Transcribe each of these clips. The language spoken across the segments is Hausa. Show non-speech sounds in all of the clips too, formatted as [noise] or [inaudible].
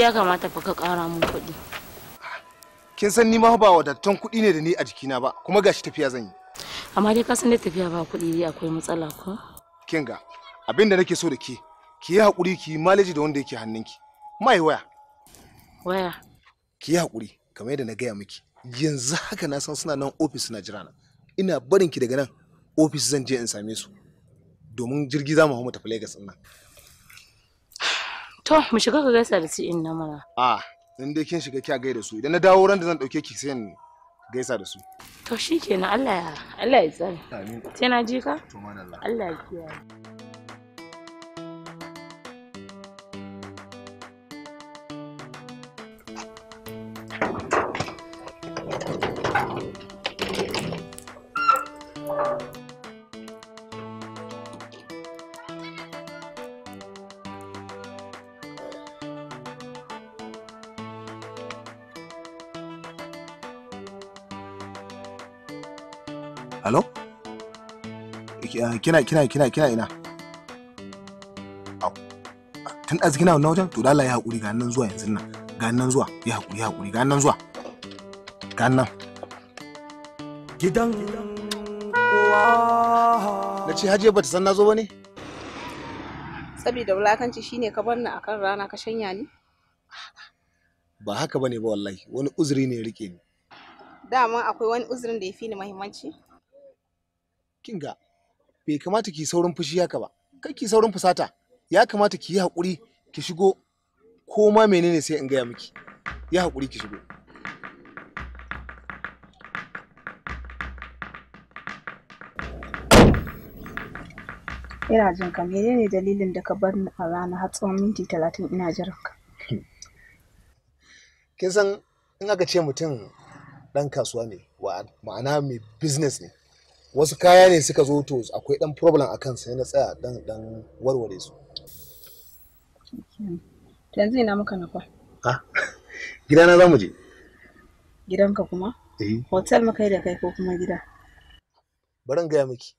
ya kamata fa ka ƙara mun kuɗi kin san ni ma ba wadatattun kuɗi ne da ni a jikina ba kuma gashi tafiya zan yi amma dai ka san ne tafiya ba kuɗi dai akwai matsala ko kin ga abin da nake so da ke ki yi haƙuri ki yi da wanda yake hannunki mai waya waya ki yi haƙuri kamar yadda na gaya miki yanzu haka na san suna nan ofis suna jira na ina barin ki daga nan ofis zan je in same su domin jirgi za mu hau mu tafi Lagos nan To mu shiga ka gaisa da su in na mara. A in dai kin shiga kya gaida su idan na dawo ran da zan dauke ki sai in gaisa da su. To shikenan Allah ya Allah ya tsare. Amin. Sai na ji ka? To Allah ya kiyaye. kina kina kina kina ina tun ɗazu kina wannan wajen to dala ya haƙuri ga nan zuwa yanzu nan ga nan zuwa ya haƙuri ya haƙuri ga nan zuwa ga nan gidan na ce hajiya bata san na zo ba ne saboda wulakanci shine ka bar ni akan rana ka shanya ni ba haka bane ba wallahi wani uzuri ne rike ni dama akwai wani uzurin da ya fi ni muhimmanci kinga bai kamata ki saurin fushi haka ba kai ki saurin fusata ya kamata ki yi haƙuri ki shigo ko ma menene sai in gaya miki ya haƙuri ki shigo ina jin ka menene dalilin da ka bar ni a rana har tsawon minti talatin ina jiran ka kin san in aka ce mutum dan kasuwa ne ma'ana mai business ne wasu kaya ne suka zo to akwai dan problem a kan sai na tsaya dan dan warware su yanzu ina na nafa ha gidana za mu je gidanka kuma eh. hotel muka yi da kai ko kuma gida barin gaya miki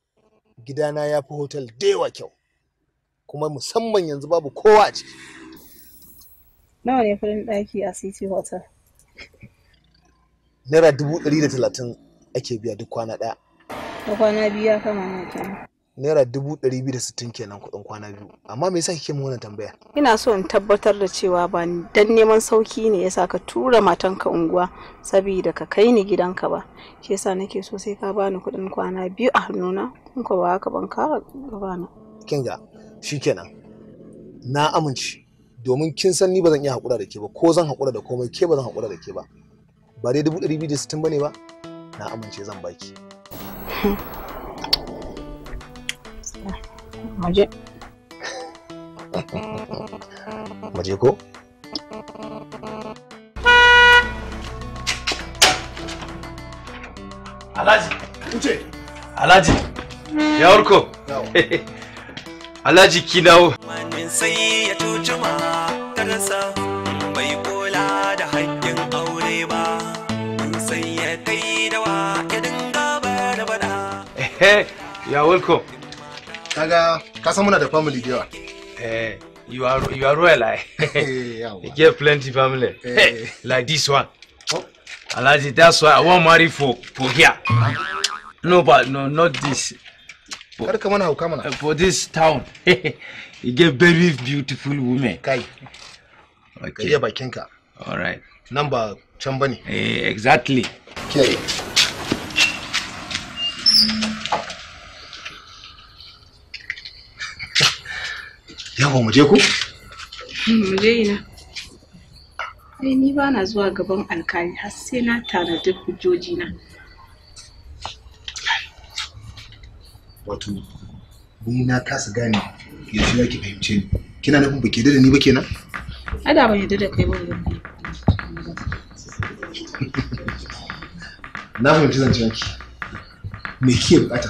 gidana ya fi hotel da yawa kyau kuma musamman yanzu babu kowa a ciki nawa ne kudin ɗaki a city hotel naira dubu ɗari da talatin ake biya duk kwana ɗaya na kwana biyu ya kama na naira dubu ɗari biyu da sittin kenan kuɗin kwana biyu amma me yasa kike wannan tambaya ina so in tabbatar da cewa ba dan neman sauki ne yasa ka tura matanka unguwa saboda ka kai ni gidanka ba shi yasa nake so sai ka bani kuɗin kwana biyu a hannuna in ko ba haka ban kara gabana kinga shikenan na amince domin kin san ni ba zan iya haƙura da ke ba ko zan haƙura da komai ke ba zan haƙura da ke ba ba dai dubu ɗari biyu da sittin ba ne ba na amince zan baki Maje. Maje ko? Alhaji. Kuce. Ya warko. [laughs] Alhaji kinawo. sai ya Hey, you are welcome. Kaga, ka muna da family da yawa. Eh, you are you are well, eh. [laughs] you get plenty family. Eh. Hey. like this one. Oh. Alaji, that's why I want marry for for here. No, but no, not this. For, come on, come on. For this town. [laughs] you get very beautiful women. Kai. Okay. Ka by Kenka. All right. Number Chambani. Hey, eh, exactly. Okay. taho mu je ko? Hmm, mu je ina. Ai ni ba na zuwa gaban alkali har sai na tanadi hujjoji na. Wato ni na kasa gane yanzu ya ki fahimce ni. Kina nufin ba ke da ni ba kenan? Ada ban yarda da kai ba. Na fahimci zancen ki. Me kike bukata?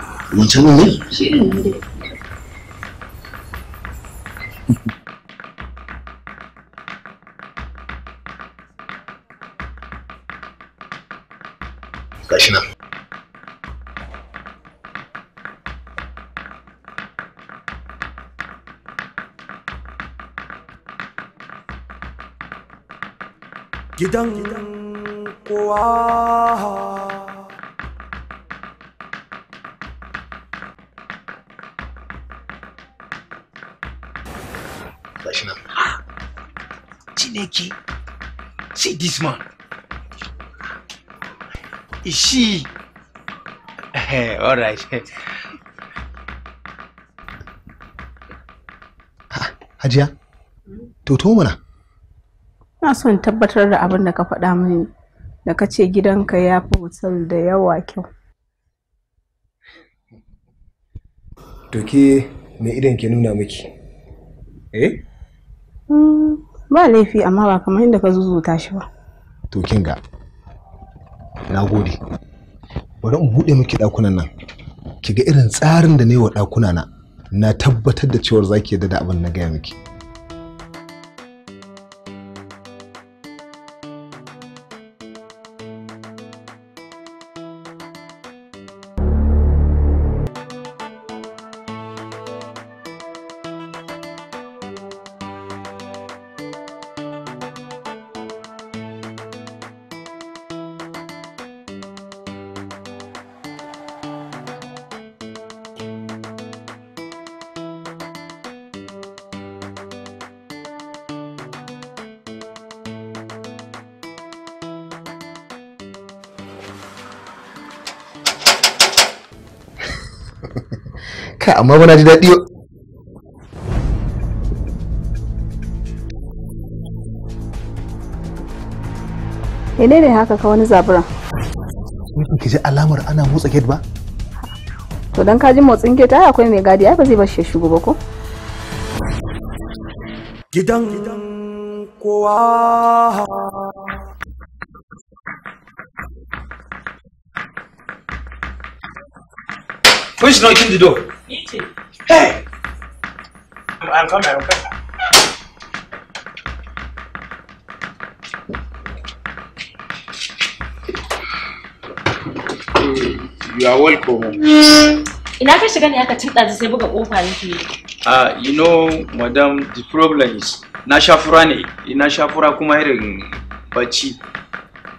wancan ne gidan kowa Chineke, see this man. Is she? [laughs] All right. Hajiya, to to mana. Na son tabbatar da abin da ka faɗa mini da ka ce gidanka ya fi hotel da yawa kyau. To ke me idan ke nuna miki? Eh? Hmm. ba laifi amma ba kamar inda ka ta shi ba to kin ga na gode bari in buɗe miki ɗakunan nan ki ga irin tsarin da na yi wa ɗakuna na na tabbatar da cewar zaki yadda da abin na gaya miki haka amma bana ji daɗi ne ne haka ka wani zaburan? Wai ki ji alamar ana motsa gate ba? To dan ka ji motsin gate ai akwai mai gadi ai ba zai bashi shi shigo ba ko? Gidan kowa Push knocking the door. Hey! I'm coming, I'm coming. You are welcome. In Ina ka shiga ne aka tinta sai buga kofa nake. Ah, you know, madam, the problem is na shafura ne, ina eh, shafura kuma irin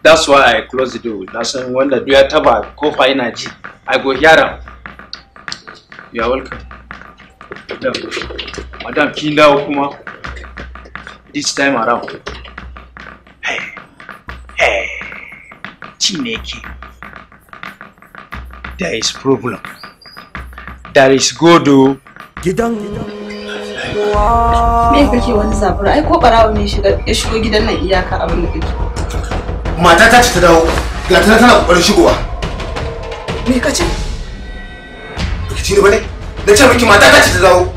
That's why I close the door. Na san wanda duk ya taba kofa yana ji. I go hear ya walka Madam, madam dawo kuma this time around. Hey, hey, Chineke. There is problem. There is godo. Oh. Gidan. Me kake wani zabura? Ai ko barawo ne shiga ya shigo gidan nan iyaka abin da kake. Mata ta ce ta dawo. Ga tana tana kokarin shigowa. Me kace? shi ne bane da ce miki mata ta ce ta dawo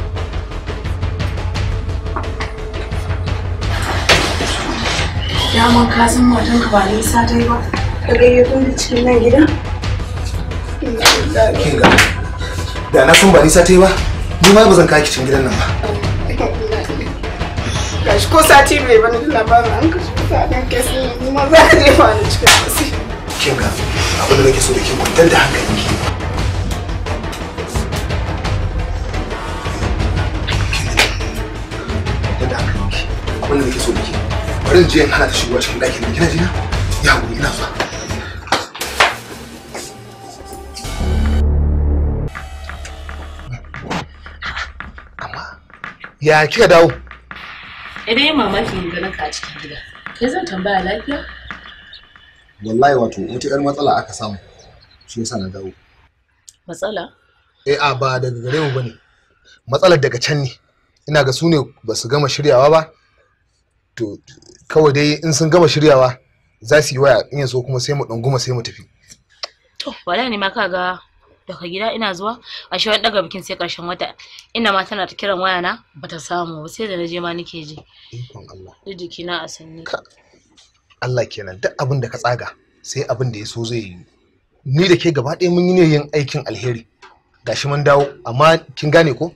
daman ka san matan ka ba nisa ta yi ba ka gayyato da cikin nan gidan da na sun ba nisa ta yi ba ni ma ba zan kaki cikin gidan nan ba gashi ko sati bai bani da labarin an kashi kusa dan kai sun ne ma za a ka ba ni cikin kasi kinga ga abin da nake so da ke kwantar da hankali hankalinki abin da nake so miki bari in je in hana ta shigowa cikin ɗakin da kina jina ya haƙuri ina zuwa amma ya kika dawo idan ya mamaki ga naka a cikin gida kai zan tambaya lafiya wallahi wato wata matsala aka samu shi yasa na dawo matsala eh a ba daga gare mu bane matsalar daga can ne ina ga su ne ba su gama shiryawa ba to kawai dai in sun gama shiryawa za su yi waya in yanzu kuma sai mu ɗunguma sai mu tafi to wallahi ne ma kaga daga gida ina zuwa a shi daga bikin sai karshen wata ina ma tana ta kiran waya na bata samu ba sai da naje ma nake ji duk jiki na a sanyi Allah kenan duk abin da ka tsaga sai abin da ya so zai yi ni da ke gaba ɗaya mun yi ne yin aikin alheri gashi mun dawo amma kin gane ko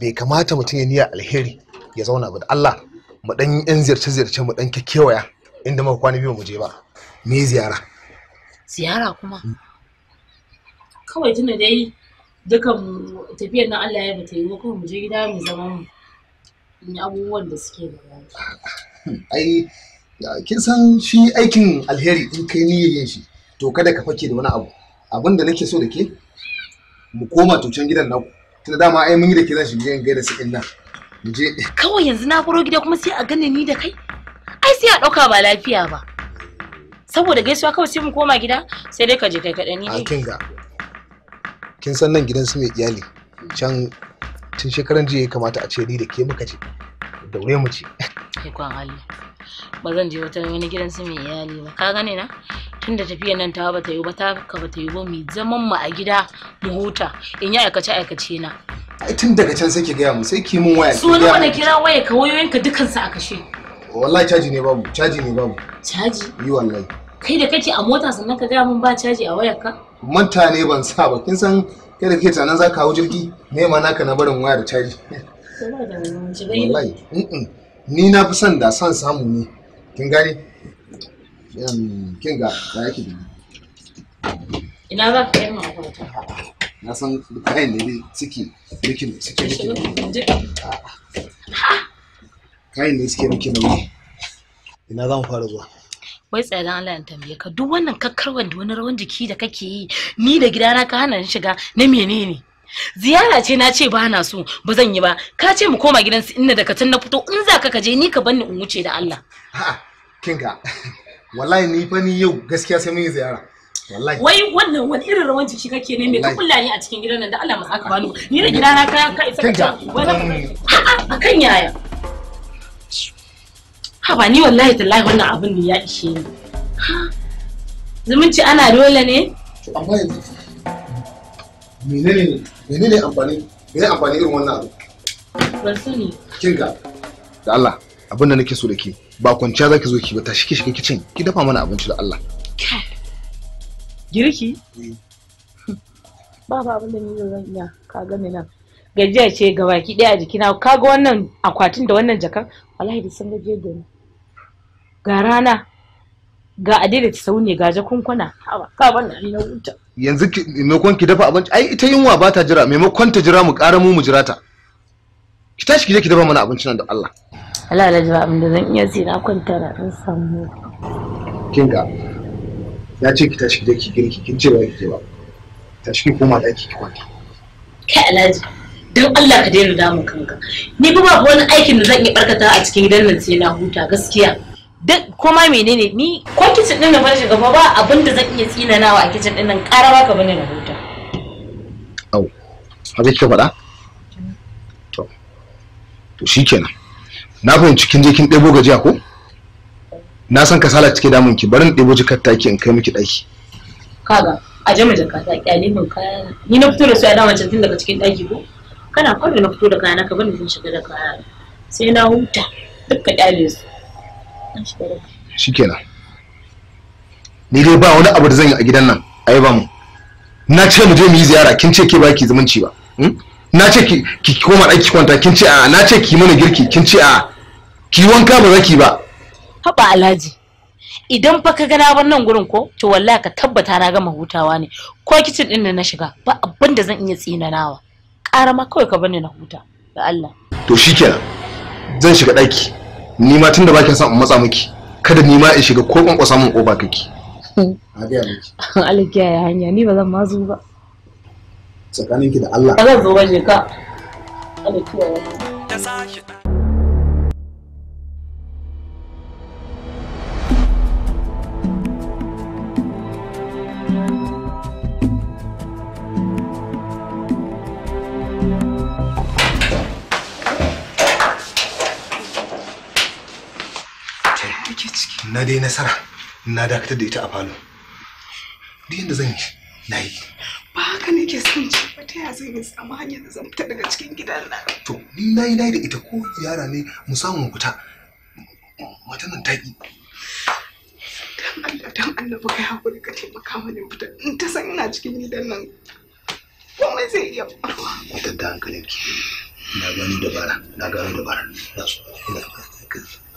bai kamata mutum ya niyya alheri ya zauna ba da Allah mu dan yan ziyarce ziyarce mu dan kekewaya inda muka kwana biyu mu je ba me ziyara ziyara kuma mm. kawai tuna dai dukan tafiyar nan Allah ya bata yi ko kuma mu je gida mu zama mu abubuwan da suke da hmm, ai kin san shi aikin alheri in kai niyyar yin shi to kada ka fake da wani abu abin da nake so da ke mu koma to can gidan naku tunda dama ai mun yi da ke zan shi gidan gaida su nan Kawai yanzu na furo gida kuma sai a gane ni da kai? Ai sai a ɗauka ba lafiya ba. Saboda gaisuwa kawai sai mu koma gida sai dai ka je kai kaɗan ni. A kin ga. Kin san nan gidan su mai iyali. Can tun shekaran jiya ya kamata a ce ni da ke muka je. Daure mu ce. Kai kwan hali Ba zan je wata wani gidan su mai iyali ba. Ka gane na? tun da tafiyar nan ta ba ta yi ba ta ka ta yi ba mu zaman mu a gida mu huta in yi aikace aikace na tun daga can sai ki gaya mu sai ki mun waya su ne na kira waya ka wayoyinka dukan su a kashe wallahi caji ne babu caji ne babu caji yi wallahi kai da kake a mota sannan ka gaya mun ba caji a wayarka manta ne ban sa ba kin san kai da kake tunanin za ka hau jirgi me ma naka na barin waya da caji wallahi ni na fi son da son samu ne kin gane kin ga ba yake ina za ka yi mu a na san kayan ne suke miki suke miki nauyi kayan ne suke miki nauyi ina zan fara zuwa wai tsaye Allah in tambaye ka duk wannan kakkarwan da wani rawan jiki da kake yi ni da gidana ka hana ni shiga na menene ziyara ce na ce ba na so ba zan yi ba ka ce mu koma gidan su inda daga can na fito in za ka kaje ni ka banni in wuce da Allah a'a kinga wallahi ni fa ni yau gaskiya sai mun yi ziyara wai wannan wani irin rawan jiki kake ne me ka kulla ni a cikin gidan nan da Allah mu saka bani ni da gida na kaya ka isa ka wani mm. a kan yaya ha ba ni wallahi tallahi wannan abin ne ya ishe ni zumunci ana dole ne amma yanzu menene menene amfani menene amfani irin wannan abu ban sani kinga da Allah abin da nake so da ke ba kwanciya zaki zo ki ba tashi ki shiga kicin ki dafa mana abinci da Allah girki ba ba abin da ni zan iya ka gane nan gajiya ce ga baki daya a jikina kaga wannan akwatin da wannan jakan wallahi da sun gajiyar da ni ga rana ga adida ta sau ne ga jakunkuna ka wannan ni na huta yanzu maimakon ki dafa abinci ai ita yunwa ba ta jira maimakon ta jira mu ƙara mu mu jira ta ki tashi ki je ki dafa mana abinci nan da Allah Allah Allah ji abin da zan iya sai na kwanta na samu kinga ya ce ki tashi ki je ki girki kin ce ba ki ba tashi ki koma daki ki kwanta kai alhaji don Allah ka daina damun kanka ni ba babu wani aikin da zan iya barkata a cikin gidan nan sai na huta gaskiya duk koma menene ni ko kitchen din na fara shiga ba ba abin da zan iya nawa a kitchen din nan karawa ka bane na huta au abin ka faɗa to to shikenan na fahimci kin je kin ɗebo gajiya ko na san kasala cike damun ki bari in ɗebo jikar taki in kai miki ɗaki kaga a jama jaka ta kyale min kaya ni na fito da su a dama can tun daga cikin ɗaki ko kana kawai na fito da kaya na ka bani zan shiga da kaya sai na huta dukka ka kyale su shikenan ni dai ba wani abu da zan yi a gidan nan ai ba mu na ce mu je mu yi ziyara kin ce ke ba ki zumunci ba hmm? na ce ki koma ɗaki kwanta kin ce a na ce ki mana girki kin ce a ki wanka ba zaki ba haba alhaji idan fa ka gana wannan gurin ko to wallahi ka tabbata na gama hutawa ne ko kicin din da na shiga ba abin da zan iya tsinanawa ƙara ma kawai ka bani na huta da Allah to shikenan zan shiga ɗaki ni ma tunda bakin san in matsa miki kada ni ma in shiga ko kwankwasa min ƙofa kake [laughs] Allah kiyaye hanya ni ba zan ma zo ba tsakaninki da Allah ba zan zo ba ne ka Allah kiyaye hanya na dai nasara na dakatar da ita a falo duk yadda zan yi na yi ba haka ne ke son ci ba ta ya zan yi samu da zan fita daga cikin gidan nan to ni na yi da ita ko yara ne mu samu mu fita mata nan ta yi dan Allah dan Allah ba kai hakuri ka taimaka mana fita in ta san ina cikin gidan nan komai zai iya faruwa ita da hankalin na gano dabara na gano dabara na so ina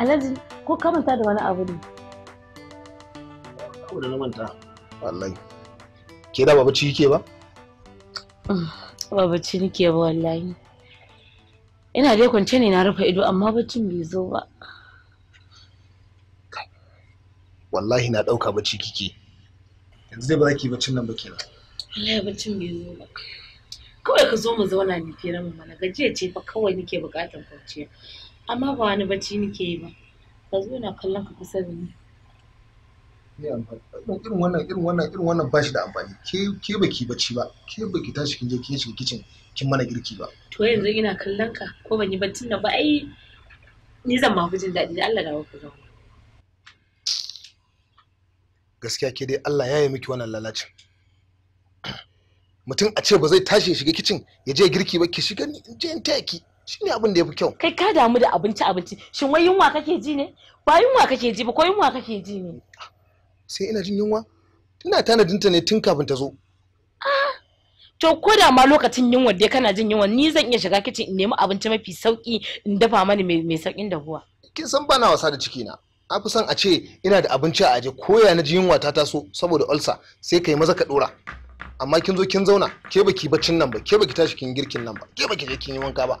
alhaji ko ka manta da wani abu ne abu da na manta wallahi ke da babu ciki ke ba babu ciki ke ba wallahi ina dai kwance ne na rufe ido amma baccin bai zo ba wallahi na dauka bacci kike yanzu zai ba za ki baccin nan ba kenan wallahi baccin bai zo ba kawai ka zo mu zauna mu ke mu mana gajiya ce fa kawai nake bukatar kwanciya amma ba wani bacci nake yi ba ka zo ina kallon ka kusa da ni irin wannan irin wannan irin wannan ba shi da amfani ke ke baki bacci ba ke baki tashi kin je kin shiga kicin kin mana girki ba to yanzu ina kallon ka ko ban yi baccin nan ba ai ni zan ma jin daɗi da Allah da ku zama gaskiya ke dai Allah ya yi miki wannan lalacin mutum a ce ba zai tashi ya shiga kicin ya je girki ba ki shiga ni in je in taya ki shine abin da yafi kyau kai ka damu da abinci abinci shin wai yunwa kake ji ne ba yunwa kake ji ba ko yunwa kake ji ne sai ina jin yunwa tana tanadin ta ne tun kafin ta zo ah! to ko da ma lokacin yunwa dai kana jin yunwa ni zan iya shiga kicin in nemi abinci mafi sauki in dafa mani mai saukin dahuwa kin san bana wasa da ciki na a fi son a ce ina da abinci a aje ya na ji yunwa ta taso saboda ulcer sai ka yi maza ka dora amma kin zo kin zauna ke baki baccin nan ba ke baki tashi kin girkin nan ba ke baki je kin yi wanka ba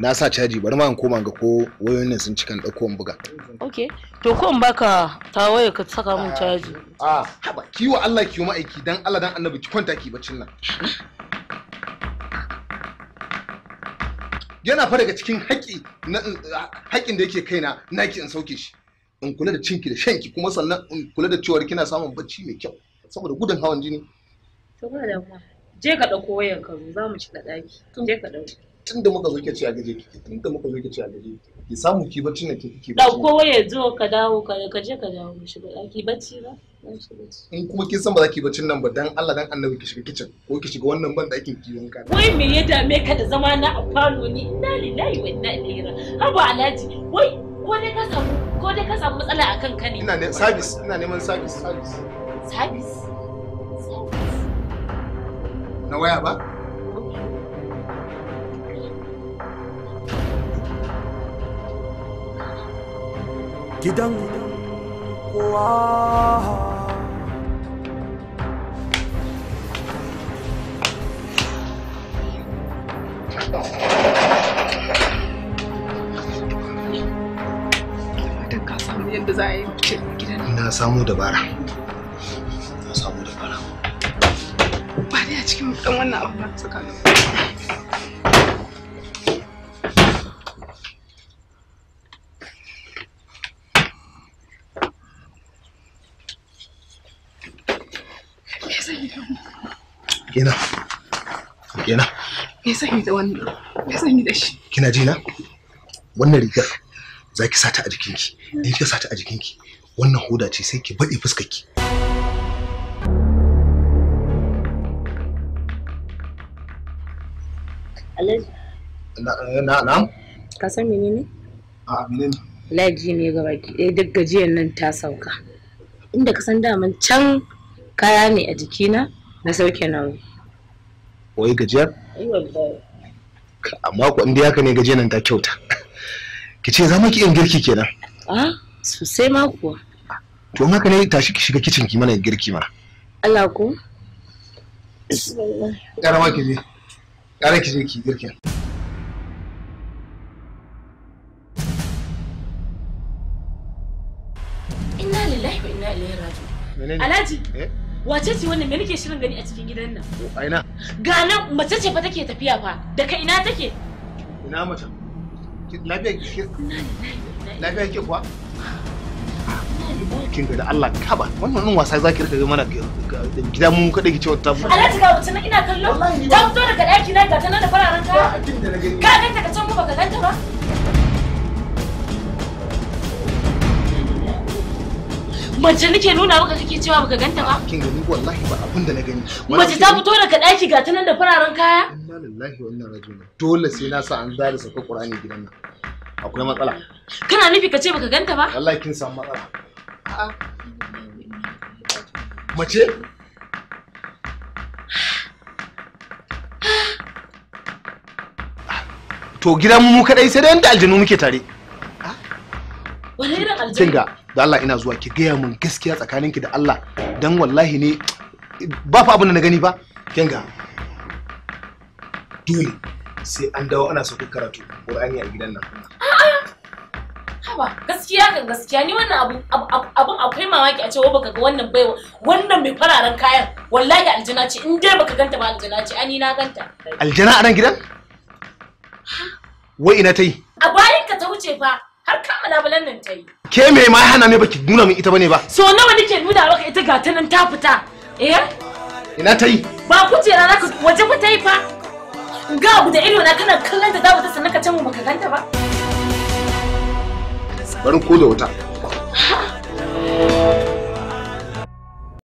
na sa caji bari ma in koma ga ko wayoyin nan sun cikan dauko in buga okay to ko in baka ta waya ka saka mun caji a ah, ah, haba kiwo Allah kiwo ma'aiki dan Allah dan Annabi ki kwanta ki bacin nan yana fa daga cikin haƙi haƙin da yake kaina naki in sauke shi in kula da cinki da shanki kuma sannan in kula da cewar kina samun bacci mai kyau saboda gudun hawan jini to ba da je ka dauko wayar ka zo za mu ci da daki je ka dauko tun da muka zo ke ci a gaje kike tun da muka zo ke ci a gaje ki samu ki bacci na ke kike bacci dauko waya zo ka dawo ka je ka dawo shi ba ki bacci ba in kuma kin san ba za ki bacci nan ba dan Allah dan Annabi ki shiga kitchen ko ki shiga wannan ban ake ki yanka wai me ya dame ka da zama na a falo ni inna lillahi wa inna ilaihi raji'un haba alhaji wai ko dai ka samu ko dai ka samu matsala akan ka ne ina ne service ina neman service service service na waya ba gidan kowa na samu dabara na samu dabara ba dai a cikin dan wannan abu ba tsakanin Ina. Ina. Me da wannan? Me da shi? Kina ji na? Wannan rigar za ki sata a jikinki. In kika sata a jikinki, wannan hoda ce sai ki baɗe fuskarki. Na na. Ka san menene? A menene? Laji ne gaba ki. Eh duk gajiyar nan ta sauka. Inda ka san daman can kaya ne a jikina na sauke nauyi wai gajiyar amma ku inda ka ne gajiyar nan ta kyauta [laughs] ki ce za mu ki yin girki kenan a sosai ma kuwa to haka ne tashi ki shiga kicin ki mana girki mana Allah ko Gara ma ki je. Gara ki je ki girki. Inna lillahi wa inna ilaihi raji'un. Alhaji. Eh? wace ce wannan me nake shirin gani a cikin gidan nan a ina ga nan mace ce fa take tafiya fa daga ina take ina mace lafiya ke lafiya ki kuwa kin ga da Allah kaba wannan nan wasa zaki rika mana gida mu kada ki ce wata tafi Alhaji ga mutum ina kallo ta fito daga daki na ga ta nan da fararen kaya ka ganta ka can mu baka ganta ba mace nake nuna maka kake cewa baka ganta ba kin gani wallahi ba abin da na gani mace ta fito daga daki ga ta da fararen kaya inna lillahi wa inna ilaihi dole sai na sa an zare saka qur'ani gidan nan akwai matsala kana nufi ka ce baka ganta ba wallahi kin samu matsala mace to gidan mu kadai sai da aljanu muke tare wani irin aljanu da Allah ina zuwa ki gaya mun gaskiya tsakaninki da Allah dan wallahi ne ba fa abin da na gani ba kinga dole sai an dawo ana sauƙin karatu Qur'ani a gidan nan haba gaskiya kan gaskiya ni wannan abun akwai mamaki a cewa baka ga wannan baiwa wannan mai fararen kayan wallahi aljana ce in dai baka ganta ba aljana ce ani na ganta aljana a nan gidan wai ina ta yi a bayan ka ta wuce fa har kan malabalan nan ta yi. Ke me ma hana ne baki nuna min ita bane ba? So nawa nake nuna maka ita ga ta nan ta fita. Eh? Ina ta yi? Ba kujera na waje fa ta yi fa. Ga abu da ido na kana kallon da dawo ta sannan ka ce mu baka ganta ba. Bari ko da wuta.